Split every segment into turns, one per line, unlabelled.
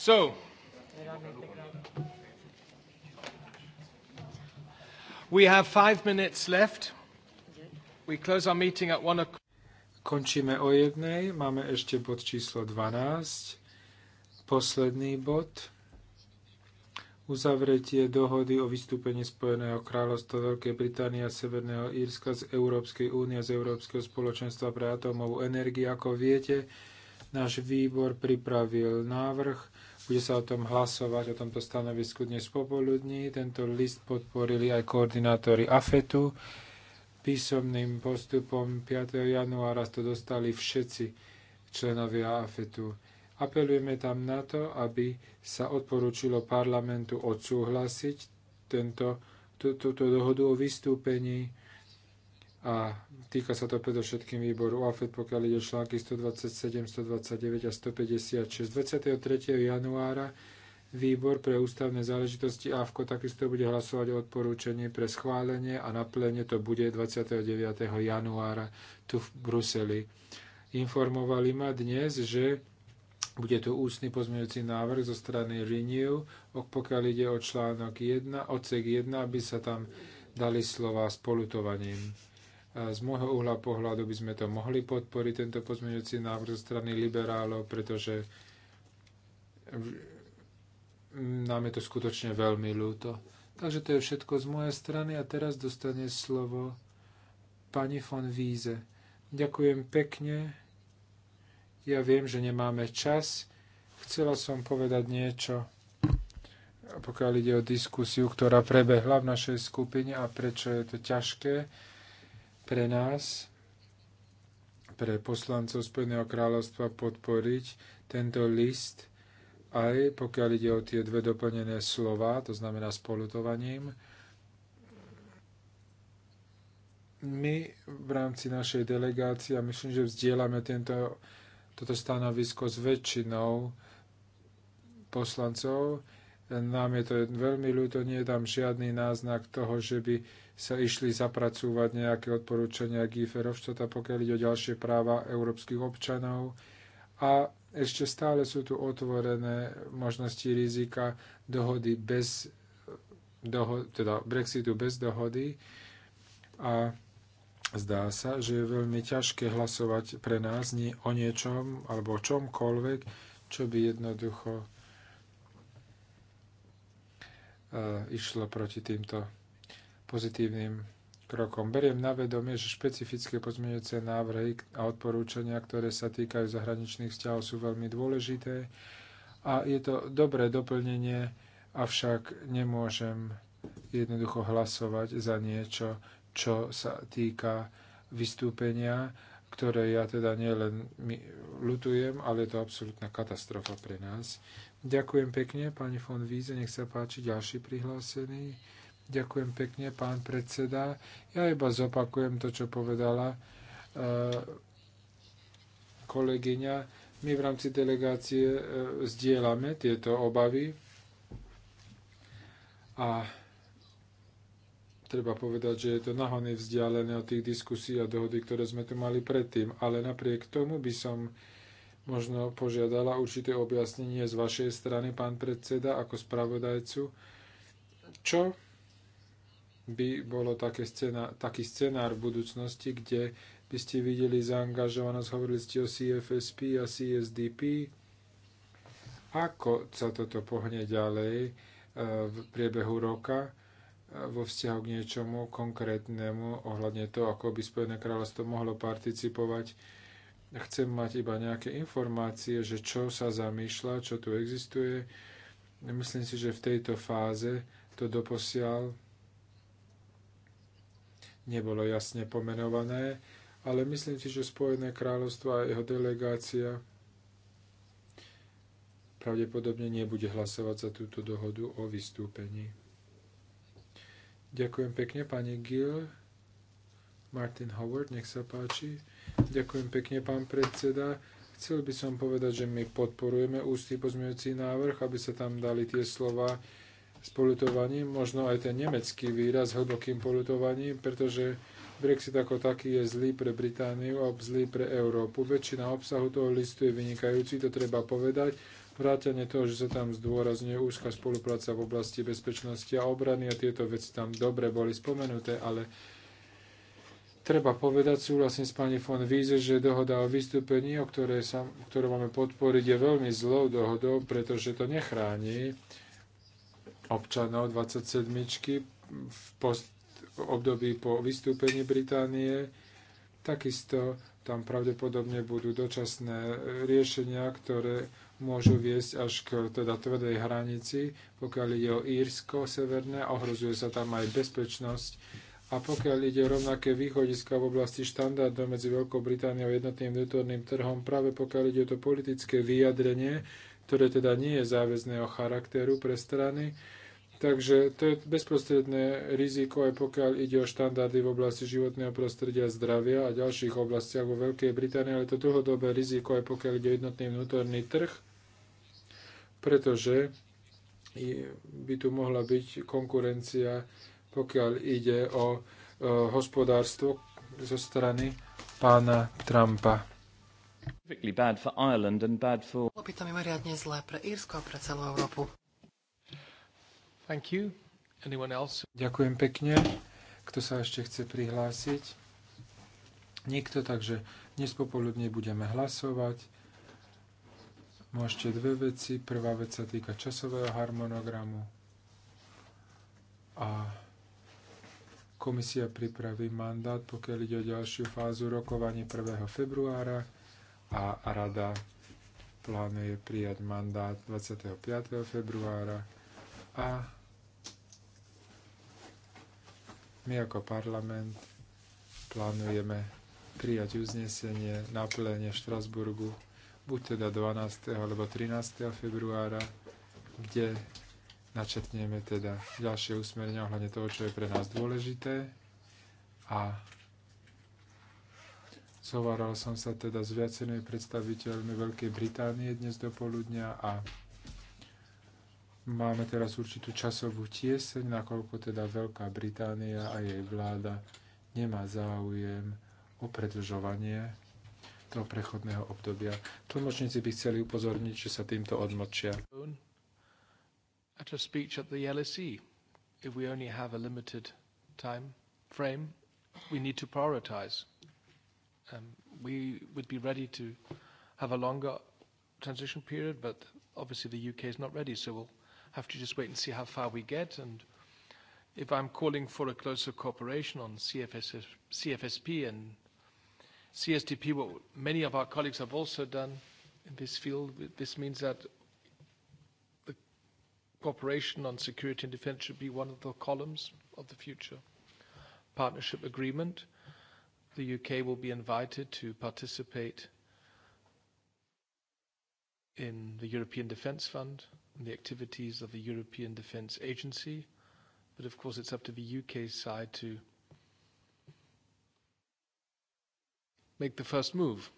So,
we have five minutes left. We close our meeting at one o'clock.
Končíme o jednej, máme ešte bod číslo 12, posledný bod. Uzavretie dohody o vystúpení Spojeného kráľovstva Veľkej Británie a Severného Írska z Európskej únie a z Európskeho spoločenstva pre atómovú energiu. Ako viete, náš výbor pripravil návrh bude sa o tom hlasovať, o tomto stanovisku dnes popoludní. Tento list podporili aj koordinátori AFETu. Písomným postupom 5. januára to dostali všetci členovia AFETu. Apelujeme tam na to, aby sa odporúčilo parlamentu odsúhlasiť tento, túto dohodu o vystúpení a týka sa to predovšetkým výboru AFED, pokiaľ ide články 127, 129 a 156. 23. januára výbor pre ústavné záležitosti AFKO takisto bude hlasovať o odporúčení pre schválenie a na to bude 29. januára tu v Bruseli. Informovali ma dnes, že bude tu ústny pozmeňujúci návrh zo strany Renew, pokiaľ ide o článok 1, odsek 1, aby sa tam dali slova s polutovaním. Z môjho uhla pohľadu by sme to mohli podporiť, tento pozmeňujúci návrh zo strany liberálov, pretože nám je to skutočne veľmi ľúto. Takže to je všetko z mojej strany a teraz dostane slovo pani von Víze. Ďakujem pekne. Ja viem, že nemáme čas. Chcela som povedať niečo, pokiaľ ide o diskusiu, ktorá prebehla v našej skupine a prečo je to ťažké pre nás, pre poslancov Spojeného kráľovstva podporiť tento list, aj pokiaľ ide o tie dve doplnené slova, to znamená spolutovaním. My v rámci našej delegácie, a myslím, že vzdielame tento, toto stanovisko s väčšinou poslancov, nám je to veľmi ľúto, nie je tam žiadny náznak toho, že by sa išli zapracúvať nejaké odporúčania Giferovštota, pokiaľ ide o ďalšie práva európskych občanov. A ešte stále sú tu otvorené možnosti rizika dohody bez doho- teda Brexitu bez dohody. A zdá sa, že je veľmi ťažké hlasovať pre nás nie o niečom alebo o čomkoľvek, čo by jednoducho išlo proti týmto pozitívnym krokom. Beriem na vedomie, že špecifické pozmeňujúce návrhy a odporúčania, ktoré sa týkajú zahraničných vzťahov, sú veľmi dôležité a je to dobré doplnenie, avšak nemôžem jednoducho hlasovať za niečo, čo sa týka vystúpenia, ktoré ja teda nielen lutujem, ale je to absolútna katastrofa pre nás. Ďakujem pekne, pani von Víze, nech sa páči ďalší prihlásený. Ďakujem pekne, pán predseda. Ja iba zopakujem to, čo povedala e, kolegyňa. My v rámci delegácie e, zdieľame tieto obavy a treba povedať, že je to nahony vzdialené od tých diskusí a dohody, ktoré sme tu mali predtým. Ale napriek tomu by som možno požiadala určité objasnenie z vašej strany, pán predseda, ako spravodajcu, čo by bolo také scéna, taký scenár v budúcnosti, kde by ste videli zaangažovanosť, hovorili ste o CFSP a CSDP, ako sa toto pohne ďalej eh, v priebehu roka eh, vo vzťahu k niečomu konkrétnemu ohľadne toho, ako by Spojené kráľovstvo mohlo participovať chcem mať iba nejaké informácie, že čo sa zamýšľa, čo tu existuje. Myslím si, že v tejto fáze to doposiaľ nebolo jasne pomenované, ale myslím si, že Spojené kráľovstvo a jeho delegácia pravdepodobne nebude hlasovať za túto dohodu o vystúpení. Ďakujem pekne, pani Gill. Martin Howard, nech sa páči. Ďakujem pekne, pán predseda. Chcel by som povedať, že my podporujeme ústý pozmeňujúci návrh, aby sa tam dali tie slova s polutovaním, možno aj ten nemecký výraz s hlbokým polutovaním, pretože Brexit ako taký je zlý pre Britániu a zlý pre Európu. Väčšina obsahu toho listu je vynikajúci, to treba povedať. Vrátane toho, že sa tam zdôrazňuje úzka spolupráca v oblasti bezpečnosti a obrany a tieto veci tam dobre boli spomenuté, ale Treba povedať, súhlasím s pani von Wiese, že dohoda o vystúpení, o ktoré sa, ktorú máme podporiť, je veľmi zlou dohodou, pretože to nechráni občanov 27 v post období po vystúpení Británie. Takisto tam pravdepodobne budú dočasné riešenia, ktoré môžu viesť až k teda tvrdej hranici, pokiaľ ide o Írsko severné, ohrozuje sa tam aj bezpečnosť a pokiaľ ide o rovnaké východiska v oblasti štandardov medzi Veľkou Britániou a jednotným vnútorným trhom, práve pokiaľ ide o to politické vyjadrenie, ktoré teda nie je záväzného charakteru pre strany, Takže to je bezprostredné riziko, aj pokiaľ ide o štandardy v oblasti životného prostredia, zdravia a ďalších oblastiach vo Veľkej Británii, ale to dlhodobé riziko, aj pokiaľ ide o jednotný vnútorný trh, pretože by tu mohla byť konkurencia pokiaľ ide o hospodárstvo zo strany pána Trumpa.
Bolo by to mimoriadne zlé pre Írsko a pre celú Európu. Thank you. Anyone else?
Ďakujem pekne. Kto sa ešte chce prihlásiť? Nikto, takže dnes popoludne budeme hlasovať. Môžete dve veci. Prvá vec sa týka časového harmonogramu. A Komisia pripraví mandát, pokiaľ ide o ďalšiu fázu rokovania 1. februára a rada plánuje prijať mandát 25. februára a my ako parlament plánujeme prijať uznesenie na plene v Štrasburgu buď teda 12. alebo 13. februára, kde načetneme teda ďalšie usmerenia ohľadne toho, čo je pre nás dôležité a zhovaral som sa teda s viacerými predstaviteľmi Veľkej Británie dnes do poludnia a máme teraz určitú časovú tieseň, nakoľko teda Veľká Británia a jej vláda nemá záujem o predlžovanie toho prechodného obdobia. Tlmočníci by chceli upozorniť, že sa týmto odmočia
at a speech at the LSE. If we only have a limited time frame, we need to prioritize. Um, we would be ready to have a longer transition period, but obviously the UK is not ready, so we'll have to just wait and see how far we get. And if I'm calling for a closer cooperation on CFS, CFSP and CSDP, what many of our colleagues have also done in this field, this means that cooperation on security and defence should be one of the columns of the future partnership agreement. The UK will be invited to participate in the European Defence Fund and the activities of the European Defence Agency. But of course, it's up to the UK side to make the first move.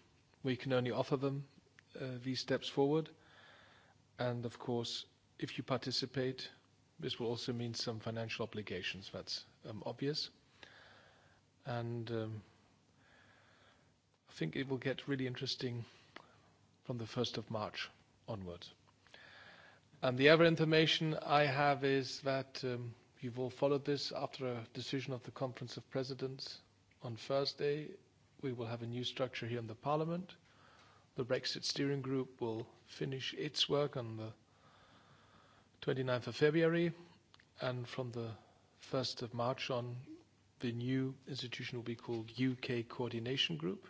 We can only offer them uh, these steps forward. And of course, if you participate, this will also mean some financial obligations. That's um, obvious. And um, I think it will get really interesting from the 1st of March onwards. And the other information I have is that um, you've all followed this. After a decision of the Conference of Presidents on Thursday, we will have a new structure here in the Parliament. The Brexit Steering Group will finish its work on the 29th of February, and from the 1st of March on, the new institution will be called UK Coordination Group.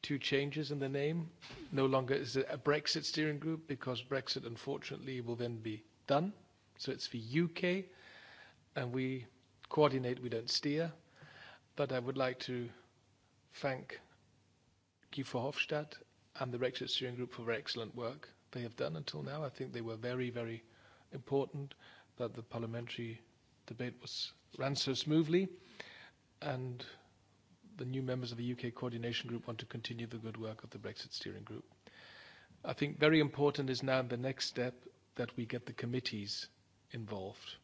Two changes in the name. No longer is it a Brexit steering group because Brexit, unfortunately, will then be done. So it's the UK, and we coordinate, we don't steer. But I would like to thank Guy Verhofstadt and the Brexit steering group for their excellent work they have done until now. I think they were very, very important that the parliamentary debate was ran so smoothly and the new members of the UK coordination group want to continue the good work of the Brexit steering group. I think very important is now the next step that we get the committees involved.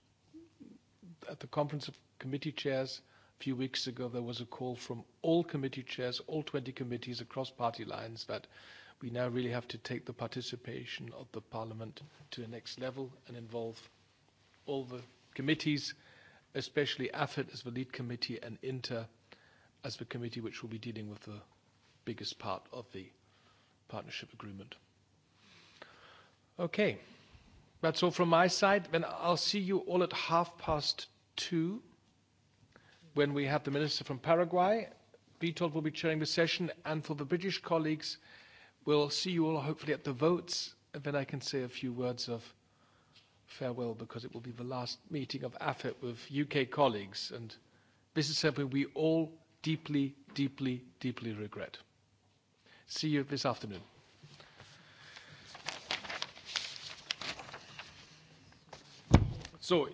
At the conference of committee chairs a few weeks ago, there was a call from all committee chairs, all 20 committees across party lines that we now really have to take the participation of the Parliament to the next level and involve all the committees, especially AFET as the lead committee and INTER as the committee which will be dealing with the biggest part of the partnership agreement. Okay. That's all from my side. Then I'll see you all at half past two when we have the minister from Paraguay. Vitold will be chairing the session, and for the British colleagues, We'll see you all hopefully at the votes, and then I can say a few words of farewell because it will be the last meeting of AFET with UK colleagues, and this is something we all deeply, deeply, deeply regret. See you this afternoon. So